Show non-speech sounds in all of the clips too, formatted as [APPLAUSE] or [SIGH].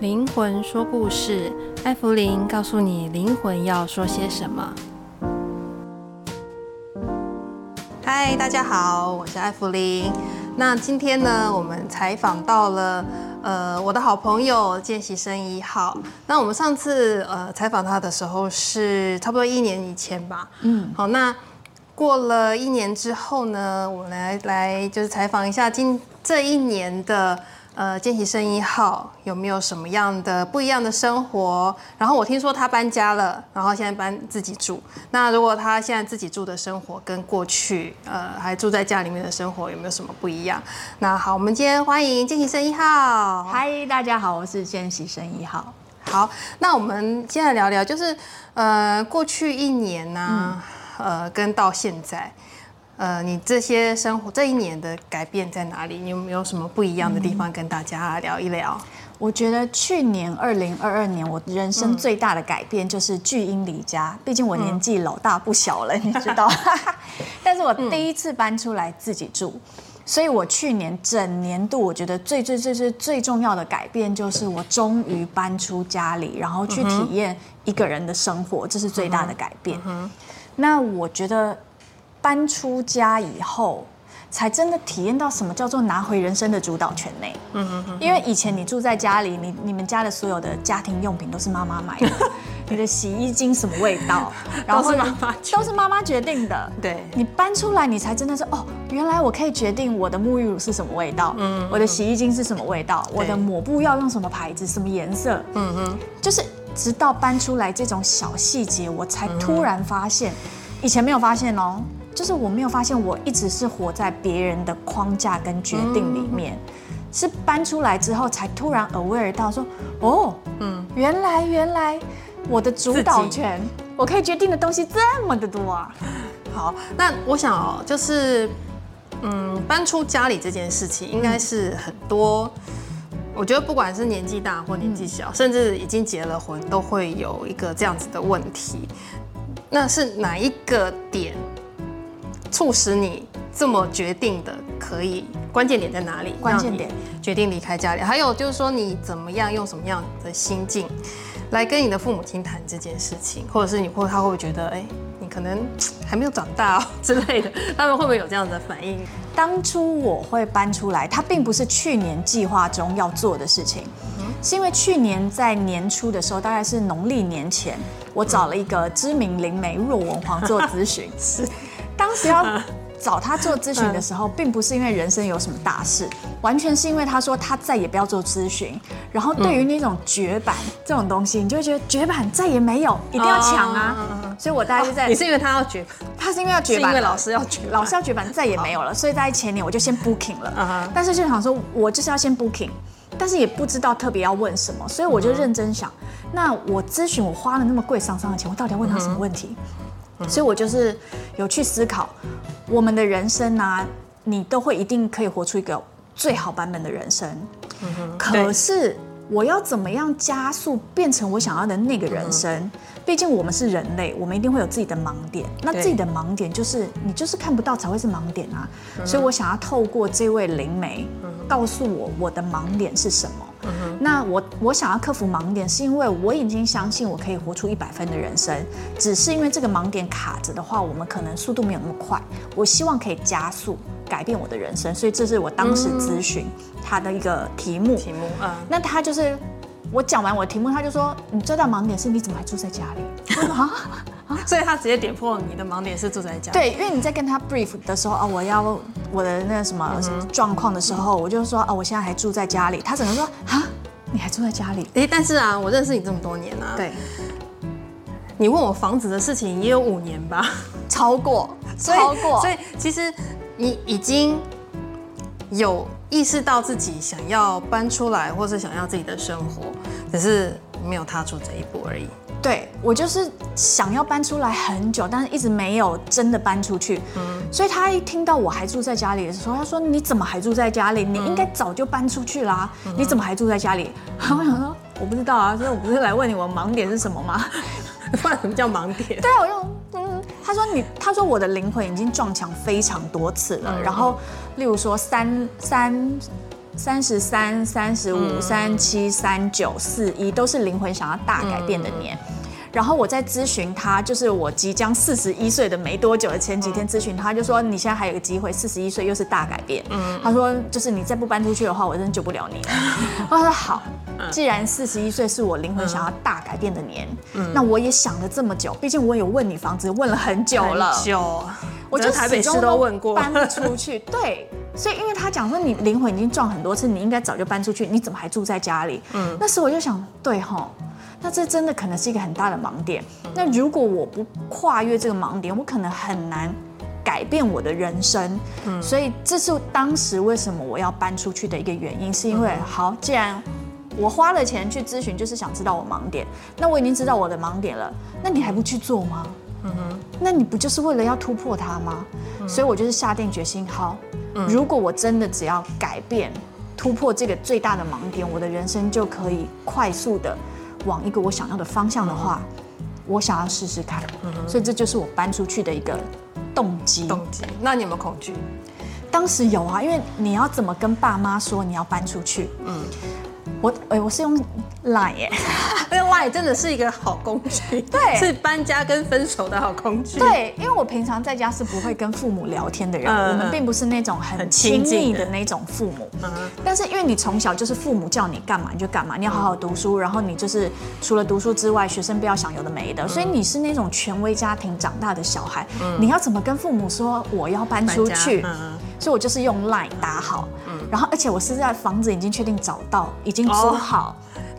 靈魂說故事，艾芙靈告訴你靈魂要說些什麼。嗨，大家好，我是艾芙靈。那今天呢，我們採訪到了呃我的好朋友見習生一號。那我們上次呃採訪他的時候是差不多一年以前吧。嗯，好，那過了一年之後呢，我來來就是採訪一下今這一年的。呃，見習生一號有沒有什麼樣的不一樣的生活？然後我聽說他搬家了，然後現在搬自己住。那如果他現在自己住的生活跟過去，呃，還住在家裡面的生活有沒有什麼不一樣？那好，我們今天歡迎見習生一號。嗨，大家好，我是見習生一號。好，那我們先來聊聊，就是呃，過去一年呢、啊，嗯、呃，跟到現在。呃，你這些生活這一年的改變在哪裡？你有沒有什麼不一樣的地方跟大家聊一聊？我覺得去年二零二二年，我人生最大的改變就是巨嬰離家。畢竟我年紀老大不小了， [LAUGHS] 你知道。 [LAUGHS] 但是，我第一次搬出來自己住，所以我去年整年度，我覺得最最最最最重要的改變就是我終於搬出家裡，然後去體驗一個人的生活，這是最大的改變。嗯嗯，那我覺得。搬出家以後，才真的體驗到什麼叫做拿回人生的主導權內、欸嗯嗯、因為以前你住在家裡，你你們家的所有的家庭用品都是媽媽買的， [LAUGHS] 你的洗衣精什麼味道，然後是媽媽都是媽媽決定的。對。你搬出來，你才真的是哦，原來我可以決定我的沐浴乳是什麼味道，嗯，嗯，我的洗衣精是什麼味道，對我的抹布要用什麼牌子，什麼顏色，嗯哼就是直到搬出來，這種小細節，我才突然發現，嗯，哼以前沒有發現哦。就是我沒有發現，我一直是活在別人的框架跟決定裡面，嗯、是搬出來之後才突然 aware 到說，哦，嗯，原來原來我的主導權，自己。我可以決定的東西這麼的多，啊。好，那我想，哦，就是，嗯，搬出家裡這件事情，應該是很多，嗯、我覺得不管是年紀大或年紀小，嗯、甚至已經結了婚，都會有一個這樣子的問題。那是哪一個點？促使你這麼決定的，可以關鍵點在哪裡？關鍵點決定離開家裡，還有就是說你怎麼樣用什麼樣的心境來跟你的父母親談這件事情，或者是你或他會不會覺得，哎，你可能還沒有長大、哦、之類的，他們會不會有這樣的反應？當初我會搬出來，它並不是去年計劃中要做的事情，嗯、是因為去年在年初的時候，大概是農曆年前，我找了一個知名靈媒若文皇做諮詢。 [LAUGHS] 是當要找他做諮詢的時候，並不是因為人生有什麼大事，完全是因為他說他再也不要做諮詢。然後對於那種絕版、嗯、這種東西，你就會覺得絕版再也沒有，一定要搶啊！哦、所以我大概是在、哦、你是因為他要絕，他是因為要絕版，因為老師要絕，老師要絕版再也沒有了，所以在前年我就先 booking 了。嗯、但是就想說，我就是要先 booking，但是也不知道特別要問什麼，所以我就認真想，嗯、哼那我諮詢我花了那麼貴桑桑的錢，我到底要問他什麼問題？嗯所以我就是有去思考，我們的人生啊，你都會一定可以活出一個最好版本的人生。嗯、哼可是我要怎麼樣加速變成我想要的那個人生？嗯、哼畢竟我們是人類，我們一定會有自己的盲點。那自己的盲點就是對你就是看不到才會是盲點啊。所以我想要透過這位靈媒，告訴我我的盲點是什麼。嗯、那我我想要克服盲點，是因為我已經相信我可以活出一百分的人生，只是因為這個盲點卡着的話，我們可能速度沒有那麼快。我希望可以加速改變我的人生，所以這是我當時諮詢他的一個題目。題目，嗯，那他就是。我講完我的題目，他就說：“你最大盲點是你怎麼還住在家裡？”啊啊！所以他直接點破了你的盲點是住在家裡。對，因為你在跟他 brief 的時候啊，我要我的那個什麼狀況的時候，我就說：“啊，我現在還住在家裡。”他只能說：“啊，你還住在家裡？”哎，欸，但是啊，我認識你這麼多年啊，對，你問我房子的事情也有五年吧？嗯，超過，超過。所以其實你已經有。意識到自己想要搬出來，或是想要自己的生活，只是沒有踏出這一步而已。對，我就是想要搬出來很久，但是一直沒有真的搬出去。嗯、所以他一聽到我還住在家裡的時候，他說：“你怎麼還住在家裡？嗯、你應該早就搬出去啦、啊！嗯、哼你怎麼還住在家裡？”嗯、然後我想說：“我不知道啊，所以我不是來問你我盲點是什麼嗎？那什麼叫盲點？”對啊，我就嗯。他說：“你，他說我的靈魂已經撞牆非常多次了。然後，例如說三三、三十三、三十五、三七、三九、四一，都是靈魂想要大改變的年。”然後我在諮詢他，就是我即將四十一歲的沒多久的前幾天諮詢他，他就說你現在還有個機會，四十一歲又是大改變。嗯，他說就是你再不搬出去的話，我真救不了你了。 [LAUGHS] 我他說好，既然四十一歲是我靈魂想要大改變的年，嗯、那我也想了這麼久，畢竟我有問你房子，問了很久了，很久我就始終都問過搬出去。 [LAUGHS] 對，所以因為他講說你靈魂已經撞很多次，你應該早就搬出去，你怎麼還住在家裡？嗯，那時候我就想，對吼。那這真的可能是一個很大的盲點。那如果我不跨越這個盲點，我可能很難改變我的人生。嗯、所以這是當時為什麼我要搬出去的一個原因，是因為、嗯、哼好，既然我花了錢去諮詢，就是想知道我盲點。那我已經知道我的盲點了，那你還不去做嗎？嗯哼那你不就是為了要突破它嗎？嗯、所以我就是下定決心，好，嗯、如果我真的只要改變、突破這個最大的盲點，我的人生就可以快速地。往一個我想要的方向的話，嗯、哼我想要試試看，嗯、哼所以這就是我搬出去的一個動機。動機？那你有沒有恐懼？當時有啊，因為你要怎麼跟爸媽說你要搬出去？嗯。我哎、欸，我是用 Line 耶， [LAUGHS] 因為 Line 真的是一個好工具，對，是搬家跟分手的好工具。對，因為我平常在家是不會跟父母聊天的人，呃、我們並不是那種很親密的那種父母。嗯、但是因為你從小就是父母叫你幹嘛你就幹嘛，你要好好讀書，然後你就是除了讀書之外，學生不要想有的沒的，所以你是那種權威家庭長大的小孩。嗯、你要怎麼跟父母說我要搬出去？所以，我就是用 line 打好，然後，而且我是在房子已經確定找到，已經租好，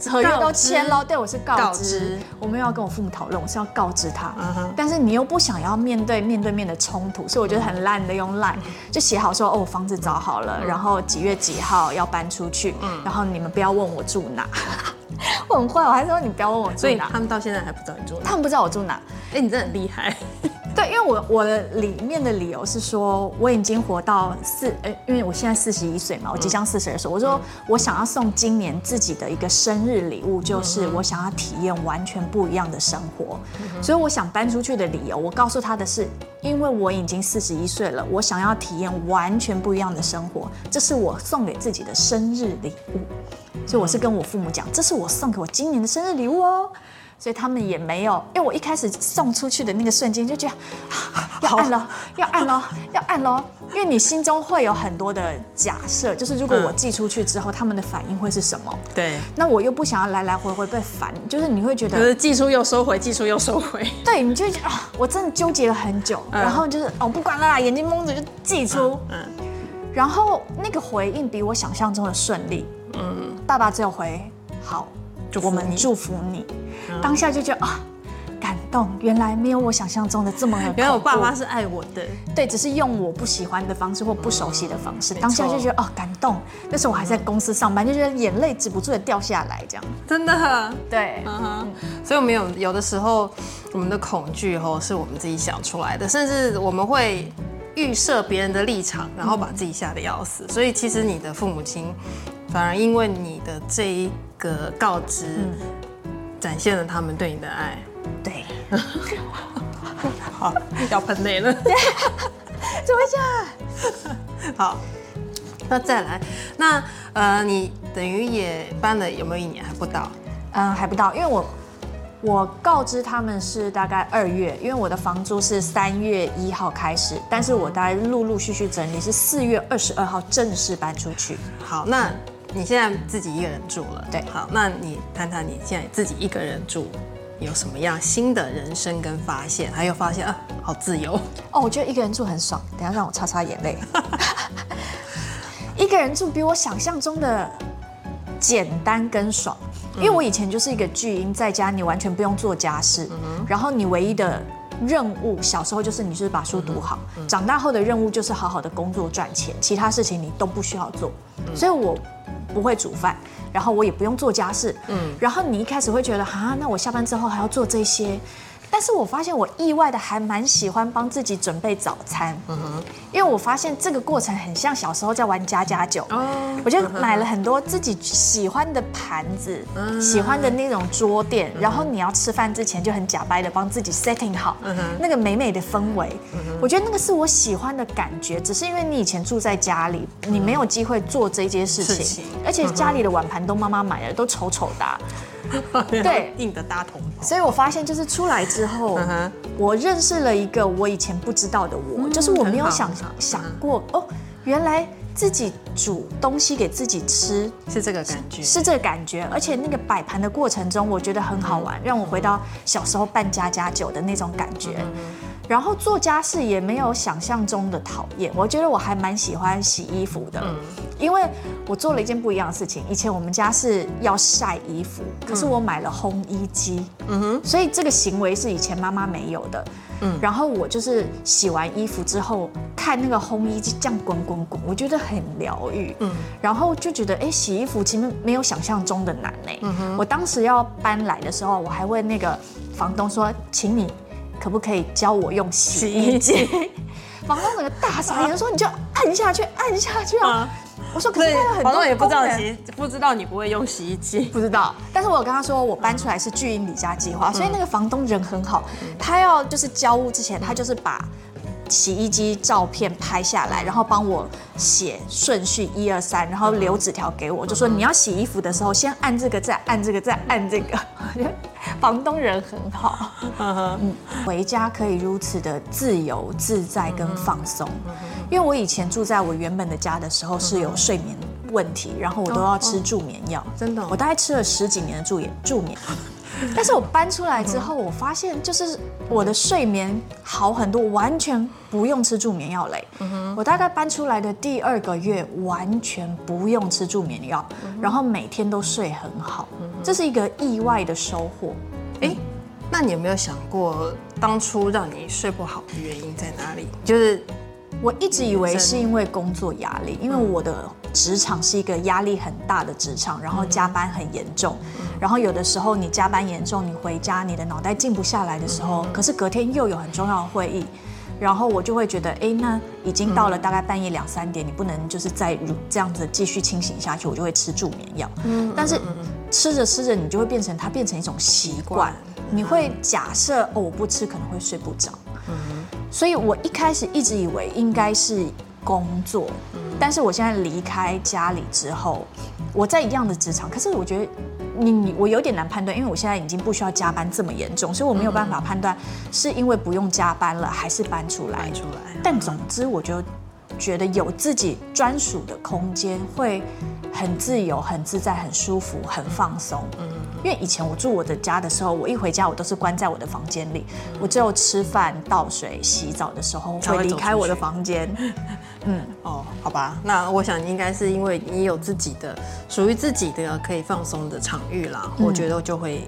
合約都簽了。對，我是告知，我沒有要跟我父母討論，我是要告知他。但是你又不想要面對面對面的衝突，所以我覺得很爛的用 line 就寫好說，哦，我房子找好了，然後幾月幾號要搬出去，然後你們不要問我住哪。我很壞，我還說你不要問我住哪。他們到現在還不知道你住哪？他們不知道我住哪。哎，你真的很厲害。對，因為我我的裡面的理由是說，我已經活到四，誒，因為我現在四十一歲嘛，我即將四十二歲。我說我想要送今年自己的一個生日禮物，就是我想要體驗完全不一樣的生活。嗯、哼所以我想搬出去的理由，我告訴他的是，因為我已經四十一歲了，我想要體驗完全不一樣的生活，這是我送給自己的生日禮物。所以我是跟我父母講，這是我送給我今年的生日禮物哦。所以他們也沒有，因為我一開始送出去的那個瞬間就覺得，要按了，要按了，要按了，因為你心中會有很多的假設，就是如果我寄出去之後，他們的反應會是什麼？對。那我又不想要來來回回被煩，就是你會覺得，可是寄出又收回，寄出又收回。對，你就覺，啊，我真的糾結了很久，然後就是哦，不管啦，眼睛蒙着就寄出。嗯。然後那個回應比我想象中的順利。嗯。爸爸，只有回，好。就我們祝福你，你嗯、當下就覺得啊、哦，感動，原來沒有我想象中的這麼。原來我爸媽是愛我的，對，只是用我不喜歡的方式或不熟悉的方式，嗯、當下就覺得哦，感動。那時候我還在公司上班，嗯、就覺得眼淚止不住的掉下來，這樣真的、啊，對，嗯嗯、所以我們有有的時候，我們的恐懼吼是我們自己想出來的，甚至我們會預設別人的立場，然後把自己嚇得要死。嗯、所以其實你的父母親反而因為你的這一。個告知，展現了他們對你的愛，對好。對，好，要噴淚了，怎麼下好，那再來，那呃，你等於也搬了，有沒有一年還不到？嗯，還不到，因為我我告知他們是大概二月，因為我的房租是三月一號開始，但是我大概陸陸續續整理是四月二十二號正式搬出去。好，那。你現在自己一個人住了，對，好，那你談談你現在自己一個人住有什麼樣新的人生跟發現？還有發現啊，好自由哦！我覺得一個人住很爽。等一下讓我擦擦眼淚。 [LAUGHS] 一個人住比我想象中的簡單跟爽，因為我以前就是一個巨嬰，在家你完全不用做家事，嗯、哼然後你唯一的任務，小時候就是你就是把書讀好，嗯、哼長大後的任務就是好好的工作賺錢，其他事情你都不需要做，所以我。不會煮飯，然後我也不用做家事，嗯，然後你一開始會覺得啊，那我下班之後還要做這些。但是我發現我意外的還蠻喜歡幫自己準備早餐，因為我發現這個過程很像小時候在玩家家酒。我就買了很多自己喜歡的盤子，喜歡的那種桌墊，然後你要吃飯之前就很假掰的幫自己 setting 好，那個美美的氛圍，我覺得那個是我喜歡的感覺。只是因為你以前住在家裡，你沒有機會做這些事情，而且家裡的碗盤都媽媽買的，都醜丑的啊。對， [LAUGHS] 硬的大銅，所以我發現，就是出來之後，uh huh. 我認識了一個我以前不知道的我，嗯、就是我沒有想好想過，uh huh. 哦，原來自己煮東西給自己吃是這個感覺，是這個感覺。而且那個擺盤的過程中，我覺得很好玩，uh huh. 讓我回到小時候辦家家酒的那種感覺。Uh huh. 然後做家事也沒有想象中的討厭，我覺得我還蠻喜歡洗衣服的，嗯、因為我做了一件不一樣的事情。以前我們家是要曬衣服，可是我買了烘衣機，嗯、所以這個行為是以前媽媽沒有的，嗯、然後我就是洗完衣服之後，看那個烘衣機這樣滾滾滾滾，我覺得很療癒，嗯、然後就覺得，哎，洗衣服其實沒有想象中的難。嗯哼，我當時要搬來的時候，我還問那個房東說，請你。可不可以教我用洗衣機？衣機房東整個大傻眼、啊、說：“你就按下去，按下去啊！”啊我說：“可是很多人……”房東也不知道，人其實不知道你不會用洗衣機，不知道。但是我有跟他說，我搬出來是巨嬰離家計劃，嗯、所以那個房東人很好，嗯、他要就是交屋之前，他就是把，洗衣機照片拍下來，然後幫我寫順序一二三，1, 2, 3, 然後留紙條給我，就說你要洗衣服的時候先按這個再，按這個再按這個，再按這個。房東人很好，嗯 [LAUGHS] 回家可以如此的自由自在跟放鬆，因為我以前住在我原本的家的時候是有睡眠問題，然後我都要吃助眠藥。哦哦，真的哦，我大概吃了十幾年的助眠助眠。但是我搬出來之後，我發現就是我的睡眠好很多，完全不用吃助眠藥嘞。嗯、哼我大概搬出來的第二個月，完全不用吃助眠藥，嗯、哼然後每天都睡很好，這是一個意外的收穫，嗯哼欸。那你有沒有想過當初讓你睡不好的原因在哪裡？就是。我一直以為是因為工作壓力，嗯、因為我的職場是一個壓力很大的職場，嗯、然後加班很嚴重，嗯、然後有的時候你加班嚴重，你回家你的腦袋靜不下來的時候，嗯、可是隔天又有很重要的會議，然後我就會覺得，哎，那已經到了大概半夜兩三點，嗯、你不能就是再這樣子繼續清醒下去，我就會吃助眠藥。嗯，但是吃着吃着，你就會變成它變成一種習慣，嗯、你會假設哦，我不吃可能會睡不着。嗯。所以，我一開始一直以為應該是工作，但是我現在離開家裡之後，我在一樣的職場，可是我覺得你我有點難判斷，因為我現在已經不需要加班這麼嚴重，所以我沒有辦法判斷是因為不用加班了，還是搬出來。但總之，我覺得。覺得有自己專屬的空間，會很自由、很自在、很舒服、很放鬆。嗯，因為以前我住我的家的時候，我一回家我都是關在我的房間裡，我只有吃飯、倒水、洗澡的時候會離開我的房間。嗯，哦，好吧，那我想應該是因為你有自己的屬於自己的可以放鬆的場域啦，我覺得就會。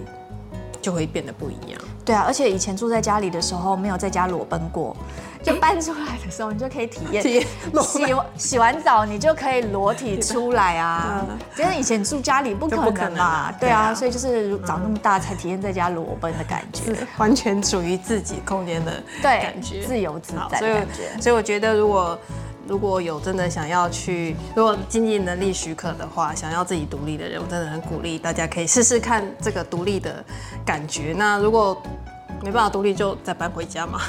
就會變得不一樣。對啊，而且以前住在家裡的時候沒有在家裸奔過，就搬出來的時候你就可以體驗。體驗。洗洗完澡你就可以裸體出來啊！因為，以前住家裡不可能嘛。對啊，所以就是長那麼大才體驗在家裸奔的感覺，完全屬於自己空間的感覺，自由自在的感覺所。所以我覺得如果。如果有真的想要去，如果經濟能力許可的話，想要自己獨立的人，我真的很鼓勵，大家可以試試看這個獨立的感覺。那如果沒辦法獨立，就再搬回家嘛，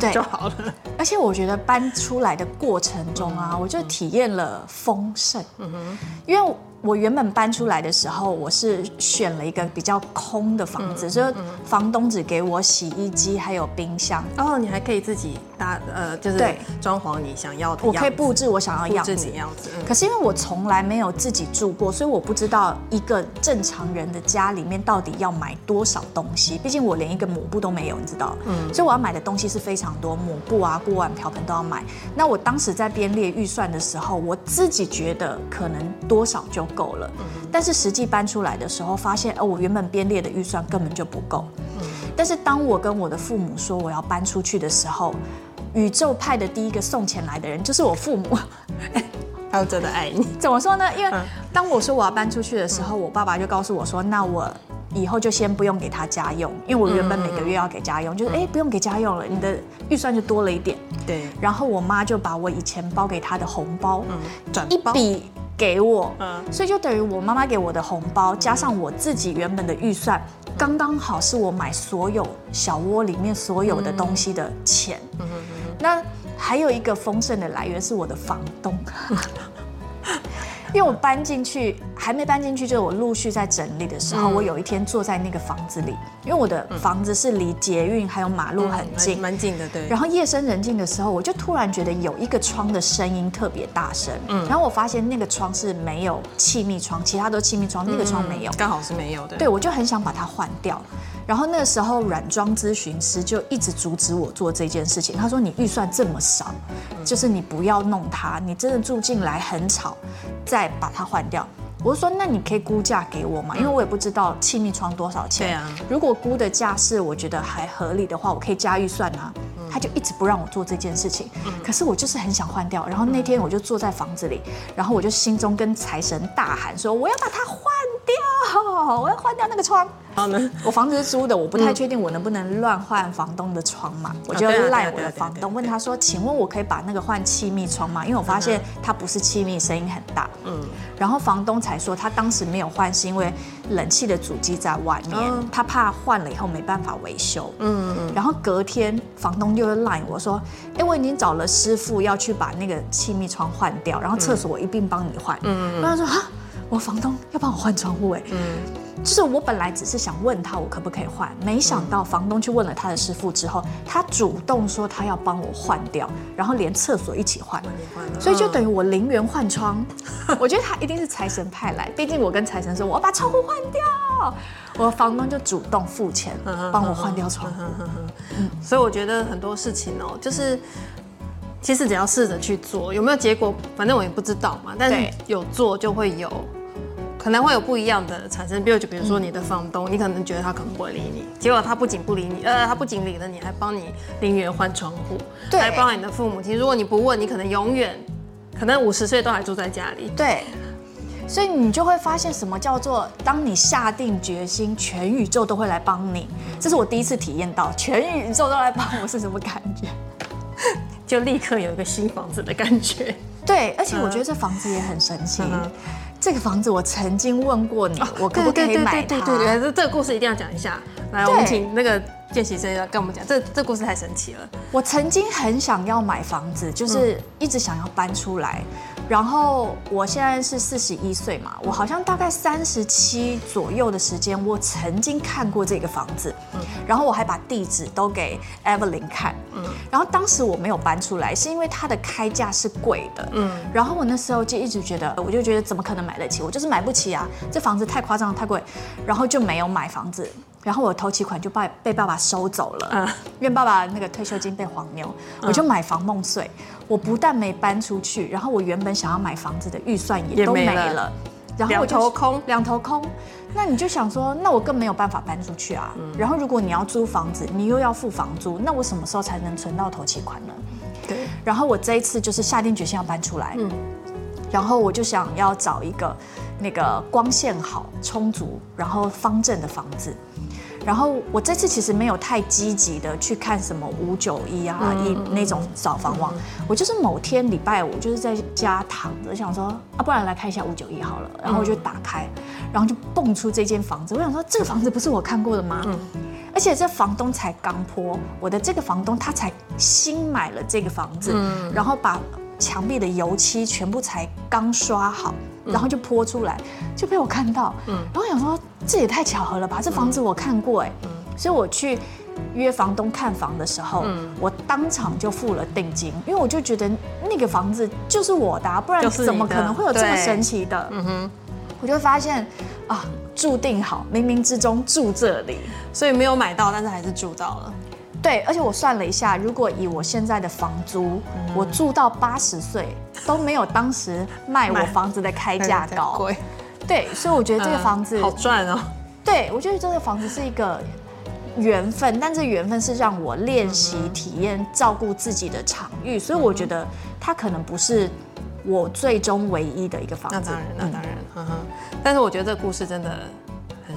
對， [LAUGHS] 就好了。而且我覺得搬出來的過程中啊，我就體驗了豐盛，嗯哼，因為。我原本搬出來的時候，我是選了一個比較空的房子，所以、嗯、房東只給我洗衣機還有冰箱。哦，你還可以自己搭呃，就是裝潢你想要的。我可以布置我想要的樣子。布置你樣子。嗯，可是因為我從來沒有自己住過，所以我不知道一個正常人的家裡面到底要買多少東西。畢竟我連一個抹布都沒有，你知道。嗯。所以我要買的東西是非常多，抹布啊、鍋碗瓢盆都要買。那我當時在編列預算的時候，我自己覺得可能多少就。夠了，但是實際搬出來的時候，發現哦，我原本編列的預算根本就不夠。但是當我跟我的父母說我要搬出去的時候，宇宙派的第一個送錢來的人就是我父母。哎，他真的愛你。怎麼說呢？因為當我說我要搬出去的時候，我爸爸就告訴我說：“那我以後就先不用給他家用，因為我原本每個月要給家用，就是哎，不用給家用了，你的預算就多了一點。”對。然後我媽就把我以前包給他的紅包轉一包給我，所以就等於我媽媽給我的紅包，加上我自己原本的預算，剛剛好是我買所有小窩裡面所有的東西的錢。那還有一個豐盛的來源是我的房東。 [LAUGHS] 因為我搬進去還沒搬進去，就是我陸續在整理的時候，嗯、我有一天坐在那個房子裡，因為我的房子是離捷運還有馬路很近，蠻、嗯、近的。對。然後夜深人靜的時候，我就突然覺得有一個窗的聲音特別大聲，嗯、然後我發現那個窗是沒有氣密窗，其他都氣密窗，那個窗沒有，剛、嗯、好是沒有的。對，我就很想把它換掉。然後那個時候，軟裝諮詢師就一直阻止我做這件事情。他說：“你預算這麼少，就是你不要弄它。你真的住進來很吵，再把它換掉。”我就說：“那你可以估價給我嘛，因為我也不知道氣密窗多少錢。對啊，如果估的價是我覺得還合理的話，我可以加預算啊。”他就一直不讓我做這件事情。可是我就是很想換掉。然後那天我就坐在房子裡，然後我就心中跟財神大喊說：“我要把它換掉，我要換掉那個窗。”我房子是租的，我不太確定我能不能亂換房東的窗嘛？嗯、我就賴我的房東，問他說：“嗯、請問我可以把那個換氣密窗嗎？因為我發現它不是氣密，聲音很大。”嗯，然後房東才說他當時沒有換，是因為冷氣的主機在外面，嗯、他怕換了以後沒辦法維修。嗯,嗯，然後隔天房東又要賴我說：“哎、欸，我已經找了師傅要去把那個氣密窗換掉，然後廁所我一併幫你換。嗯”嗯,嗯，然後他說：“啊’。我房東要幫我換窗戶哎，嗯，就是我本來只是想問他我可不可以換，沒想到房東去問了他的師傅之後，他主動說他要幫我換掉，然後連廁所一起換，嗯、也換了，所以就等於我零元換窗，嗯、我覺得他一定是財神派來， [LAUGHS] 畢竟我跟財神說我要把窗戶換掉，我房東就主動付錢嗯嗯嗯幫我換掉窗戶，嗯嗯嗯嗯所以我覺得很多事情哦，就是其實只要試着去做，有沒有結果，反正我也不知道嘛，但是有做就會有。可能會有不一樣的產生，比如就比如說你的房東，你可能覺得他可能不會理你，結果他不僅不理你，呃，他不僅理了你，還幫你零元換窗戶，對，還幫你的父母親。如果你不問，你可能永遠，可能五十歲都還住在家裡。對，對，所以你就會發現什麼叫做，當你下定決心，全宇宙都會來幫你。嗯、這是我第一次體驗到全宇宙都來幫我是什麼感覺， [LAUGHS] 就立刻有一個新房子的感覺。對，而且我覺得這房子也很神奇。嗯嗯這個房子我曾經問過你，我可不可以買它？我覺得這個故事一定要講一下。來，我們請那個。見習生要跟我們講，這這故事太神奇了。我曾經很想要買房子，就是一直想要搬出來。嗯。然後我現在是四十一歲嘛，我好像大概三十七左右的時間，我曾經看過這個房子。嗯。然後我還把地址都給 Evelyn 看。嗯。然後當時我沒有搬出來，是因為它的開價是貴的。嗯。然後我那時候就一直覺得，我就覺得怎麼可能買得起？我就是買不起啊！這房子太誇張，太貴，然後就沒有買房子。然後我頭期款就被被爸爸收走了，嗯，因為爸爸那個退休金被黃牛，嗯、我就買房夢碎。我不但沒搬出去，然後我原本想要買房子的預算也都沒了，沒了然後我就兩頭空，兩頭空。那你就想說，那我更沒有辦法搬出去啊。嗯、然後如果你要租房子，你又要付房租，那我什麼時候才能存到頭期款呢？嗯、對。然後我這一次就是下定決心要搬出來，嗯，然後我就想要找一個那個光線好、充足，然後方正的房子。然後我這次其實沒有太積極的去看什麼五九一啊，一那種找房網。我就是某天禮拜五，就是在家躺着，想說啊，不然來看一下五九一好了。然後我就打開，然後就蹦出這間房子。我想說，這個房子不是我看過的嗎？而且這房東才剛破，我的這個房東他才新買了這個房子，然後把牆壁的油漆全部才剛刷好。然後就潑出來，就被我看到。嗯，然後想說，這也太巧合了吧？這房子我看過哎，嗯，所以我去約房東看房的時候，嗯，我當場就付了定金，因為我就覺得那個房子就是我的啊，不然怎麼可能會有這麼神奇的？的嗯哼，我就發現啊，注定好，冥冥之中住這裡，所以沒有買到，但是還是住到了。對，而且我算了一下，如果以我現在的房租，嗯、我住到八十歲都沒有當時賣我房子的開價高。呃、對，所以我覺得這個房子、嗯、好賺哦。對，我覺得這個房子是一個緣分，但這個緣分是讓我練習、嗯哼、體驗、照顧自己的場域，所以我覺得它可能不是我最終唯一的一個房子。那當然，那當然、嗯哼，但是我覺得這個故事真的。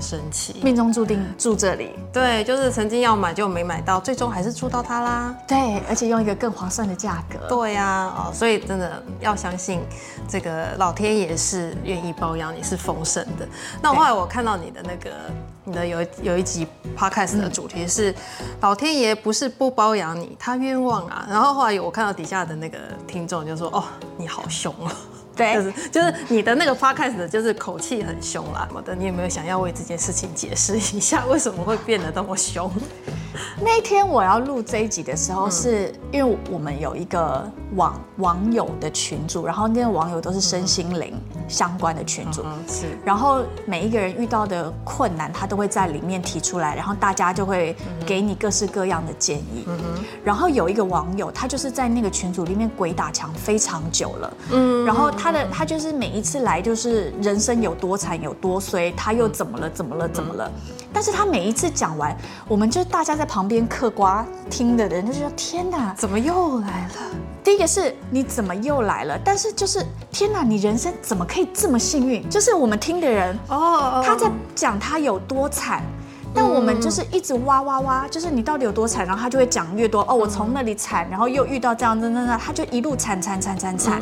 神奇，命中注定住這裡。對，就是曾經要買就沒買到，最終還是住到它啦。對，而且用一個更划算的價格。對啊，哦，所以真的要相信，這個老天爺是願意包養你，是豐盛的。那後來我看到你的那個，對你的有有一集 Podcast 的主題是，嗯、老天爺不是不包養你，他冤枉啊。然後後來我看到底下的那個聽眾就說，哦，你好凶啊。對，就是你的那個 Podcast 就是口氣很凶啦，什麼的，你有沒有想要為這件事情解釋一下，為什麼會變得那麼凶？那天我要錄這一集的時候，是因為我們有一個網網友的群組，然後那個網友都是身心靈相關的群組，嗯嗯是，然後每一個人遇到的困難，他都會在裡面提出來，然後大家就會給你各式各樣的建議。嗯嗯然後有一個網友，他就是在那個群組裡面鬼打牆非常久了，嗯,嗯,嗯，然後。他的他就是每一次來就是人生有多慘有多衰，他又怎麼了怎麼了怎麼了？但是他每一次講完，我們就大家在旁邊嗑瓜聽的人就說：“天哪，怎麼又來了？”第一個是你怎麼又來了？但是就是天哪，你人生怎麼可以這麼幸運？就是我們聽的人哦，他在講他有多慘，但我們就是一直哇哇哇，就是你到底有多慘？然後他就會講越多哦，我從那裡慘，然後又遇到這樣子那那，他就一路慘慘慘慘慘。慘慘慘慘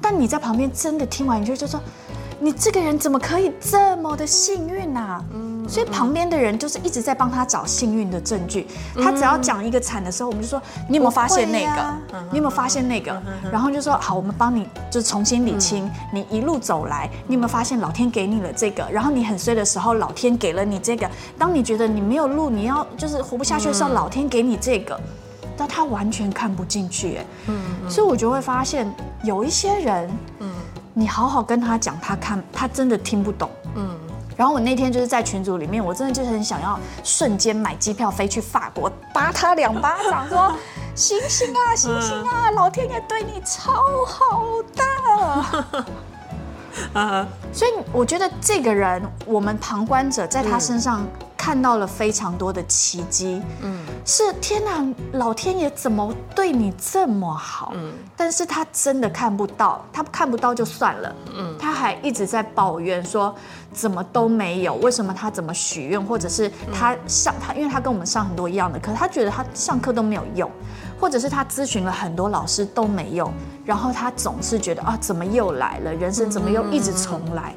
但你在旁邊真的聽完，你就就說，你這個人怎麼可以這麼的幸運吶？所以旁邊的人就是一直在幫他找幸運的證據。他只要講一個慘的時候，我們就說，你有沒有發現那個？你有沒有發現那個？然後就說，好，我們幫你，就重新理清你一路走來，你有沒有發現老天給你了這個？然後你很衰的時候，老天給了你這個。當你覺得你沒有路，你要就是活不下去的時候，老天給你這個。那他完全看不進去，嗯，所以我就會發現有一些人，嗯，你好好跟他講，他看，他真的聽不懂，嗯。然後我那天就是在群組裡面，我真的就是很想要瞬間買機票飛去法國，扒他兩巴掌，說：醒醒啊，醒醒啊，老天爺對你超好的。所以我覺得這個人，我們旁觀者在他身上。看到了非常多的奇蹟，嗯，是天哪，老天爺怎麼對你這麼好？嗯，但是他真的看不到，他看不到就算了，嗯，他還一直在抱怨說怎麼都沒有，為什麼他怎麼許願，或者是他上他，因為他跟我們上很多一樣的課，他覺得他上課都沒有用，或者是他諮詢了很多老師都沒用，然後他總是覺得啊，怎麼又來了，人生怎麼又一直重來？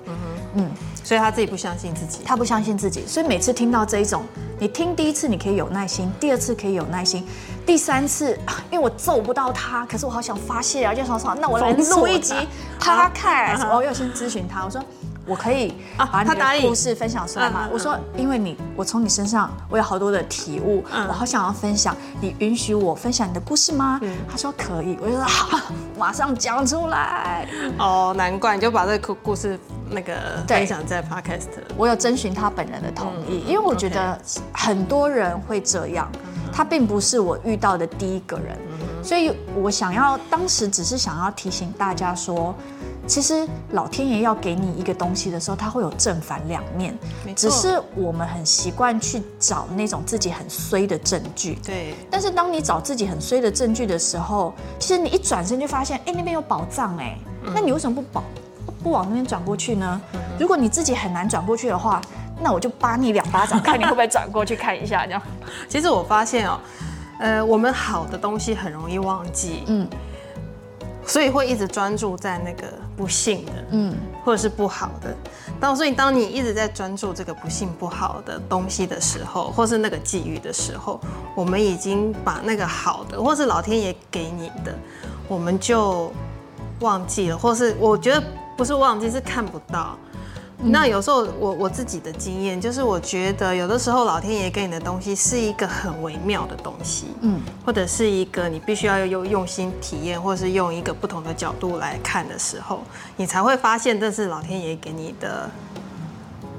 嗯，所以他自己不相信自己，他不相信自己，所以每次聽到這一種，你聽第一次你可以有耐心，第二次可以有耐心，第三次，因為我揍不到他，可是我好想發洩啊！就說說，那我來錄一集他看，我又先諮詢他，我說我可以把你的故事分享出來嗎？我說，因為你，我從你身上我有好多的體悟，我好想要分享，你允許我分享你的故事嗎？他說可以，我就說好，馬上講出來。哦，難怪你就把這個故故事。那個分享在 podcast 我有徵詢他本人的同意，嗯、因為我覺得很多人會這樣，嗯、他並不是我遇到的第一個人，嗯、所以我想要當時只是想要提醒大家說，其實老天爺要給你一個東西的時候，他會有正反兩面，沒錯。只是我們很習慣去找那種自己很衰的證據，對，但是當你找自己很衰的證據的時候，其實你一轉身就發現，哎、欸，那邊有寶藏、欸，哎、嗯，那你為什麼不保？不往那邊轉過去呢？如果你自己很難轉過去的話，那我就扒你兩巴掌，看你會不會轉過去看一下這樣。其實我發現哦，呃，我們好的東西很容易忘記，嗯，所以會一直專注在那個不幸的，嗯，或者是不好的。當所以當你一直在專注這個不幸不好的東西的時候，或是那個際遇的時候，我們已經把那個好的，或是老天爺給你的，我們就忘記了，或是我覺得。不是忘記，是看不到。嗯、那有時候我我自己的經驗就是，我覺得有的時候老天爺給你的東西是一個很微妙的東西，嗯，或者是一個你必須要用用心體驗，或是用一個不同的角度來看的時候，你才會發現這是老天爺給你的，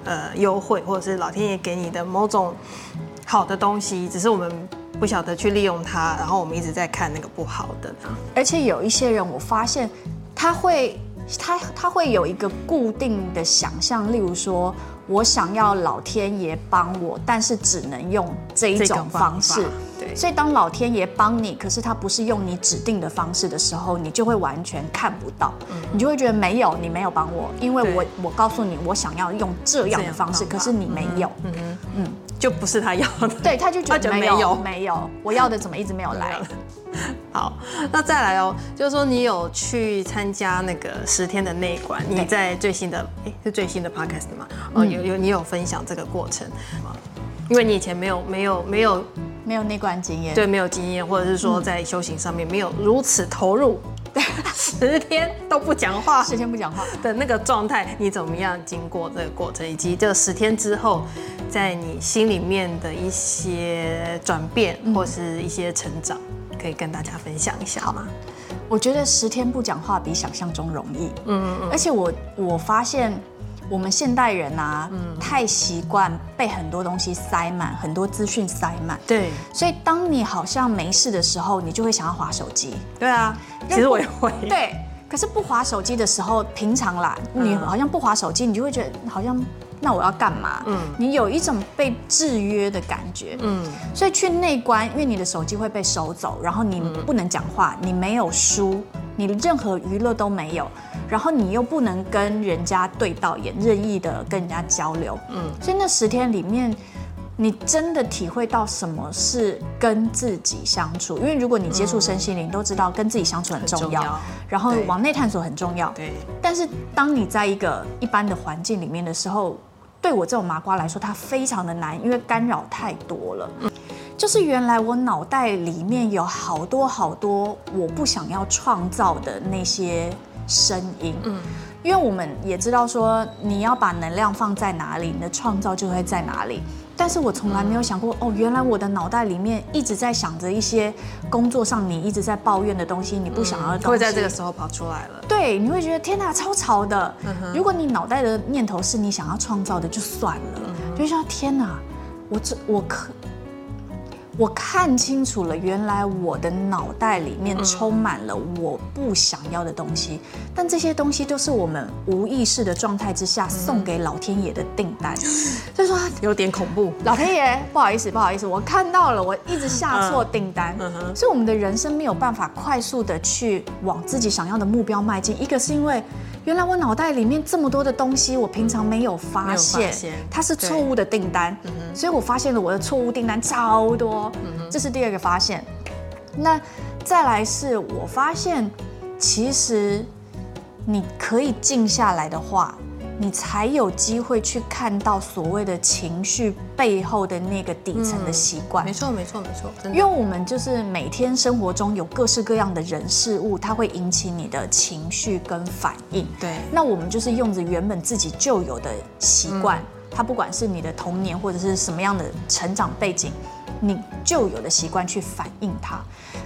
呃，優惠，或者是老天爺給你的某種好的東西，只是我們不曉得去利用它，然後我們一直在看那個不好的呢。而且有一些人，我發現他會。他他會有一個固定的想象，例如說我想要老天爺幫我，但是只能用這一種方式，這個方法，對，所以當老天爺幫你，可是他不是用你指定的方式的時候，你就會完全看不到，嗯、你就會覺得沒有你沒有幫我，因為我對我告訴你我想要用這樣的方式，這樣方法。可是你沒有。嗯嗯。嗯嗯嗯就不是他要的，對，他就覺得就沒有沒有，沒有，我要的怎麼一直沒有來沒有？好，那再來哦，就是說你有去參加那個十天的內觀，對你在最新的哎，是最新的 Podcast 嗎？嗯、有有，你有分享這個過程嗎？嗯、因為你以前沒有沒有沒有沒有內觀經驗，對，沒有經驗，或者是說在修行上面沒有如此投入。嗯對 [LAUGHS] 十天都不講話，十天不講話的 [LAUGHS] 那個狀態，你怎麼樣？經過這個過程，以及這十天之後，在你心裡面的一些轉變或是一些成長，嗯、可以跟大家分享一下，好嗎？我覺得十天不講話比想象中容易，嗯嗯嗯，而且我我發現。我們現代人吶、啊，太習慣被很多東西塞滿，很多資訊塞滿。對，所以當你好像沒事的時候，你就會想要滑手機。對啊，其實我也會。對，可是不滑手機的時候，平常啦，你好像不滑手機，你就會覺得好像那我要幹嘛？嗯，你有一種被制約的感覺。嗯，所以去內觀，因為你的手機會被收走，然後你不能講話，你沒有書。你的任何娛樂都沒有，然後你又不能跟人家對到眼，也任意的跟人家交流，嗯，所以那十天裡面，你真的體會到什麼是跟自己相處。因為如果你接觸身心靈，嗯，你都知道跟自己相處很重要，很重要，然後往內探索很重要。對。但是當你在一個一般的環境裡面的時候，對我這種麻瓜來說，它非常的難，因為干擾太多了。嗯就是原來我腦袋裡面有好多好多我不想要創造的那些聲音，嗯，因為我們也知道說你要把能量放在哪裡，你的創造就會在哪裡。但是我從來沒有想過，哦，原來我的腦袋裡面一直在想着一些工作上你一直在抱怨的東西，你不想要，會在這個時候跑出來了。對，你會覺得天哪，超吵的。如果你腦袋的念頭是你想要創造的，就算了。就像天哪，我這我可。我看清楚了，原來我的腦袋裡面充滿了我不想要的東西，但這些東西都是我們無意識的狀態之下送給老天爺的訂單，所以說有點恐怖。老天爺，不好意思，不好意思，我看到了，我一直下錯訂單，所以，我們的人生沒有辦法快速地去往自己想要的目標邁進，一個是因為。原來我腦袋裡面這麼多的東西，我平常沒有發現，它是錯誤的訂單，所以我發現了我的錯誤訂單超多，這是第二個發現。那再來是我發現，其實你可以靜下來的話。你才有機會去看到所謂的情緒背後的那個底層的習慣。嗯，沒錯，沒錯，沒錯。因為我們就是每天生活中有各式各樣的人事物，它會引起你的情緒跟反應。對。那我們就是用着原本自己就有的習慣，嗯，它不管是你的童年或者是什麼樣的成長背景，你就有的習慣去反應它。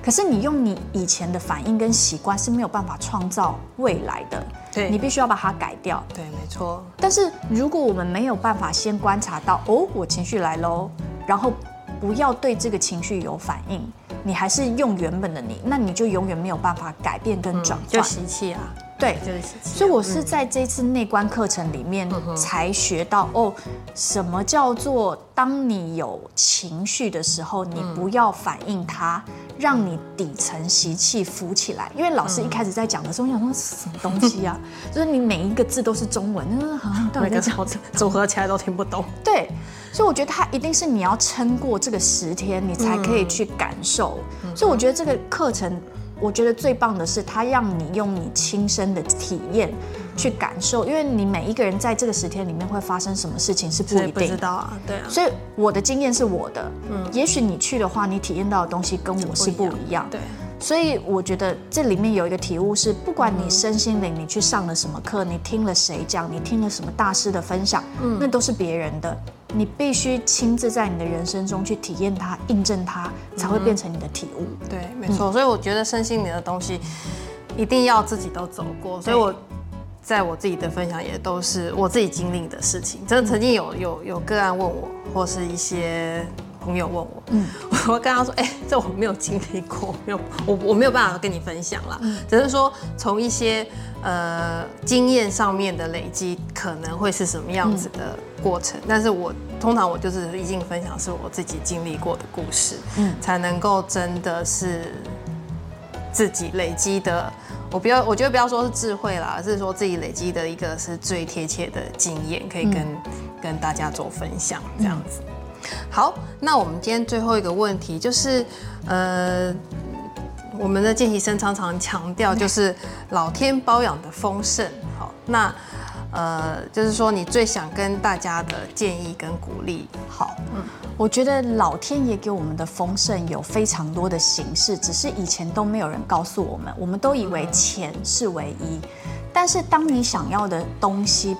可是你用你以前的反應跟習慣是沒有辦法創造未來的，對你必須要把它改掉。對，對，沒錯。但是如果我們沒有辦法先觀察到，哦，我情緒來嘍，然後不要對這個情緒有反應，你還是用原本的你，那你就永遠沒有辦法改變跟轉化，嗯、就習氣啊。對，所以我是在這次內觀課程裡面才學到哦，什麼叫做當你有情緒的時候，嗯、你不要反應它，讓你底層習氣浮起來。因為老師一開始在講的時候，我、嗯、想說是什麼東西啊？ [LAUGHS] 就是你每一個字都是中文，嗯，好到每個字組合起來都聽不懂。對，所以我覺得它一定是你要撐過這個十天，你才可以去感受。嗯、所以我覺得這個課程。我覺得最棒的是，它讓你用你親身的體驗去感受，因為你每一個人在這個十天裡面會發生什麼事情是不一定，知道啊？對啊。所以我的經驗是我的，嗯，也許你去的話，你體驗到的東西跟我是不一樣。對。所以我覺得這裡面有一個體悟是，不管你身心靈，你去上了什麼課，你聽了誰講，你聽了什麼大師的分享，嗯，那都是別人的。你必須親自在你的人生中去體驗它、印證它，才會變成你的體悟。嗯、對，沒錯。嗯、所以我覺得身心靈的東西，一定要自己都走過。所以我在我自己的分享也都是我自己經歷的事情。真的，曾經有有有個案問我，或是一些朋友問我，嗯，我會跟他說：“哎、欸，這我沒有經歷過，沒有我我沒有辦法跟你分享啦。嗯”只是說從一些呃經驗上面的累積，可能會是什麼樣子的、嗯。過程，但是我通常我就是一經分享是我自己經歷過的故事，嗯，才能夠真的是自己累積的，我不要我覺得不要說是智慧啦，而是說自己累積的一個是最貼切的經驗，可以跟、嗯、跟大家做分享這樣子。嗯、好，那我們今天最後一個問題就是，呃，我們的見習生常常強調就是老天包養的豐盛，好，那。呃，就是說，你最想跟大家的建議跟鼓勵，好，嗯，我覺得老天爺給我們的豐盛有非常多的形式，只是以前都沒有人告訴我們，我們都以為錢是唯一。嗯哼，但是當你想要的東西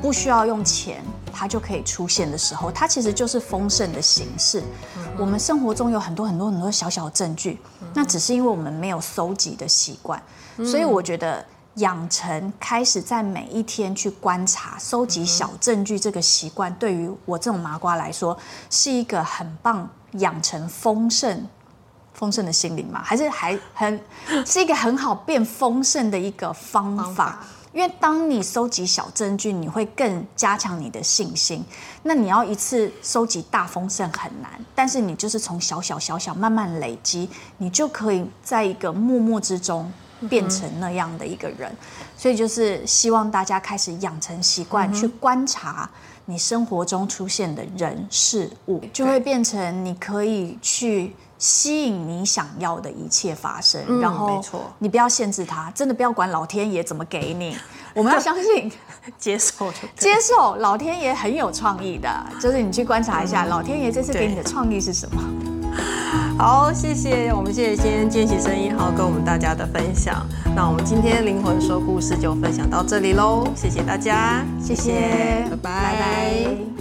不需要用錢，它就可以出現的時候，它其實就是豐盛的形式。嗯哼，我們生活中有很多很多很多小小的證據，嗯哼，那只是因為我們沒有蒐集的習慣，嗯哼，所以我覺得。養成開始在每一天去觀察、收集小證據這個習慣，嗯、哼對於我這種麻瓜來說，是一個很棒養成豐盛、豐盛的心靈嗎？還是還很是一個很好變豐盛的一個方法？方法。因為當你收集小證據，你會更加強你的信心。那你要一次收集大豐盛很難，但是你就是從小小、小小慢慢累積，你就可以在一個默默之中，變成那樣的一個人，所以就是希望大家開始養成習慣去觀察你生活中出現的人事物，就會變成你可以去吸引你想要的一切發生。然後你不要限制他，真的不要管老天爺怎麼給你，我們要相信，接受接受老天爺很有創意的，就是你去觀察一下老天爺這次給你的創意是什麼。好，謝謝我們，謝謝今天見習生一號跟我們大家的分享，那我們今天靈魂說故事就分享到這裡嘍，謝謝大家，謝謝，謝謝拜拜。拜拜拜拜。